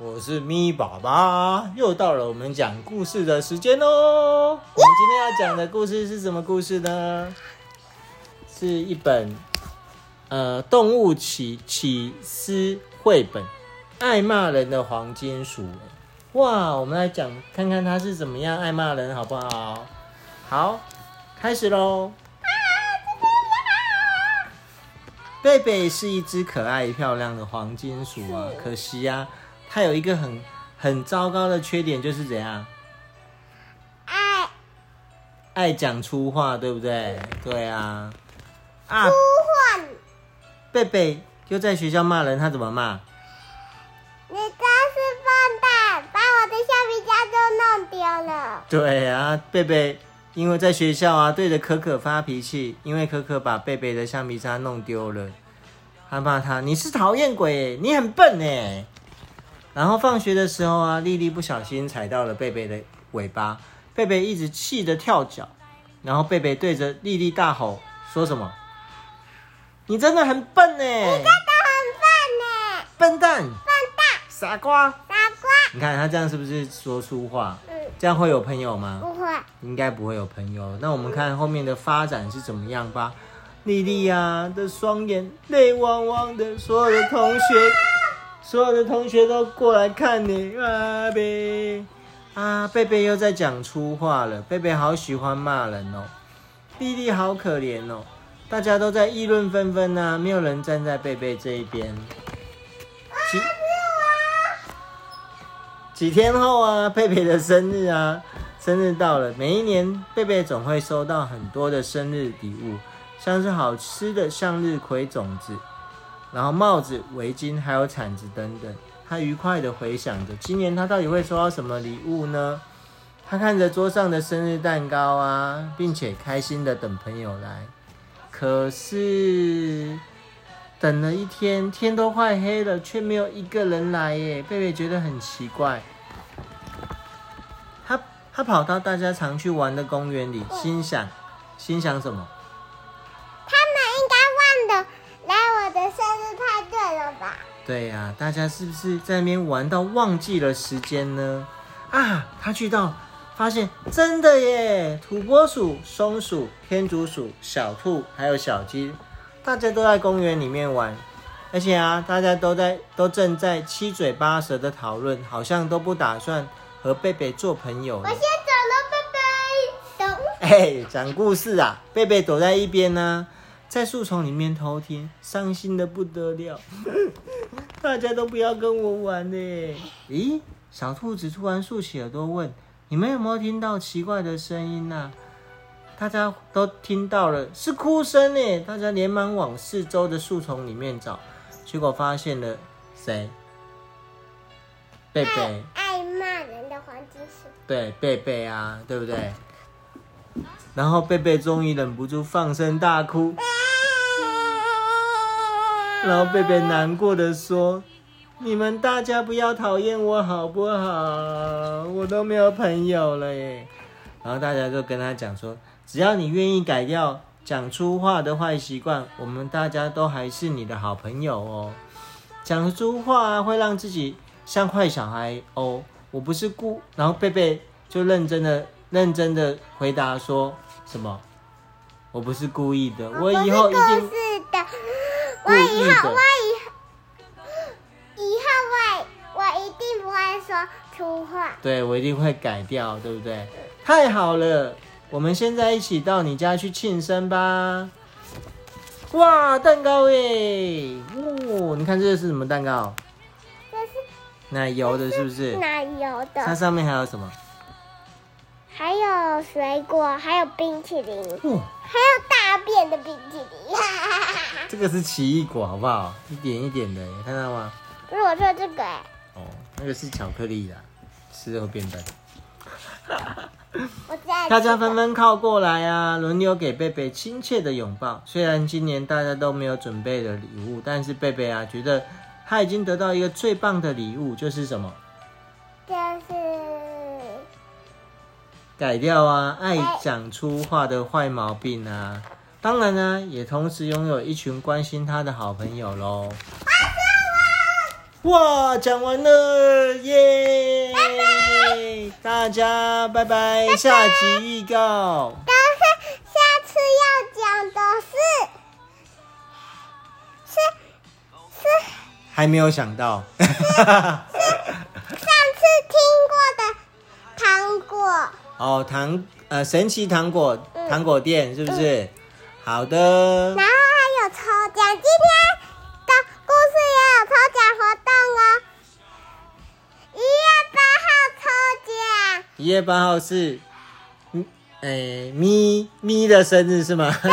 我是咪爸爸，又到了我們講故事的時間嘍。我們今天要講的故事是什麼故事呢？是一本呃動物起起司繪本，愛罵人的黃金鼠。哇，我們來講看看他是怎麼樣愛罵人，好不好？好，開始嘍。啊，貝貝你好。貝貝是一隻可愛漂亮的黃金鼠啊，可惜啊。他有一個很很糟糕的缺點，就是怎樣？愛愛講粗話，對不對？對啊。粗、啊、話。貝貝喚又在學校罵人，他怎麼罵？你真是笨蛋，把我的橡皮擦都弄丟了。對啊，貝貝因為在學校啊，對着可可發脾氣，因為可可把貝貝的橡皮擦弄丟了，他罵他：“你是討厭鬼，你很笨哎、欸。”然後放學的時候啊，麗麗不小心踩到了貝貝的尾巴，貝貝一直氣得跳腳，然後貝貝對着麗麗大吼，說什麼？你真的很笨呢！你真的很笨呢！笨蛋！笨蛋！傻瓜！傻瓜！你看他這樣是不是說粗話？嗯，這樣會有朋友嗎？不會，應該不會有朋友。那我們看後面的發展是怎麼樣吧？麗麗呀的雙眼淚汪汪的，所有的同學。媽媽所有的同學都過來看你，啊！貝貝又在講粗話了，貝貝好喜歡罵人哦。弟弟好可憐哦，大家都在議論紛紛呢，沒有人站在貝貝這一邊。啊，沒有啊。幾天後啊，貝貝的生日啊，生日到了，每一年貝貝總會收到很多的生日禮物，像是好吃的向日葵種子。然後帽子、圍巾，還有鏟子等等，他愉快地回想着，今年他到底會收到什麼禮物呢？他看着桌上的生日蛋糕啊，並且開心地等朋友來。可是等了一天，天都快黑了，卻沒有一個人來耶。貝貝覺得很奇怪，他他跑到大家常去玩的公園裡，心想，心想什麼？對呀、啊，大家是不是在那邊玩到忘記了時間呢？啊，他去到發現真的耶，土撥鼠、松鼠、天竺鼠、小兔還有小雞，大家都在公園裡面玩，而且啊，大家都在都正在七嘴八舌的討論，好像都不打算和貝貝做朋友。我先走了，拜拜。等，哎、欸，講故事啊，貝貝躲在一邊呢、啊。在樹叢裡面偷聽，傷心的不得了呵呵。大家都不要跟我玩呢。咦，小兔子突然豎起耳朵問：“你們有沒有聽到奇怪的聲音啊？”大家都聽到了，是哭聲呢。大家連忙往四周的樹叢裡面找，結果發現了誰？貝貝。愛罵人的黃金鼠。對，貝貝啊，對不對？嗯。然後貝貝終於忍不住放聲大哭。然後貝貝難過的說：“你們大家不要討厭我好不好？我都沒有朋友了耶。”然後大家就跟他講說：“只要你願意改掉講粗話的壞習慣，我們大家都還是你的好朋友哦。講粗話、啊、會讓自己像壞小孩哦。我不是故……”然後貝貝就認真的、認真的回答說：“什麼？我不是故意的，我以後一定。”我以後，我以後以後我，我我一定不會說粗話，對我一定會改掉，對不對？太好了，我們現在一起到你家去慶生吧！哇，蛋糕耶，哇、哦，你看這是什麼蛋糕？這是奶油的，是不是？奶油的。它上面還有什麼？還有水果，還有冰淇淋，哦、還有。變的冰淇淋，這個是奇異果，好不好？一點一點的，看到嗎？不是我說這個，哦，那個是巧克力啦，吃了會變笨。大家紛紛靠過來啊，輪流給貝貝親切的擁抱。雖然今年大家都沒有準備的禮物，但是貝貝啊，覺得他已經得到一個最棒的禮物，就是什麼？就是改掉啊，愛講粗話的壞毛病啊。當然呢，也同時擁有一群關心他的好朋友嘍。我！哇，講完了，耶！是大家拜拜，下集預告。但是下次要講的，的是，是是還沒有想到是。是， 是上次聽過的糖果。哦，糖呃，神奇糖果糖果店，嗯，是不是？嗯好的。然後還有抽獎，今天的故事也有抽獎活動哦、喔，一月八號抽獎。一月八號是，嗯、欸，咪咪的生日是嗎？對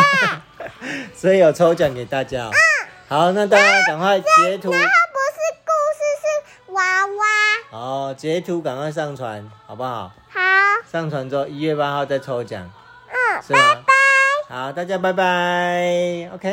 所以有抽獎給大家、喔。嗯好，那大家趕快截圖。然後不是故事，是娃娃。哦，截圖趕快上傳，好不好？好。上傳之後一月八號再抽獎。嗯。是嗎？呃，拜拜好，大家拜拜，OK。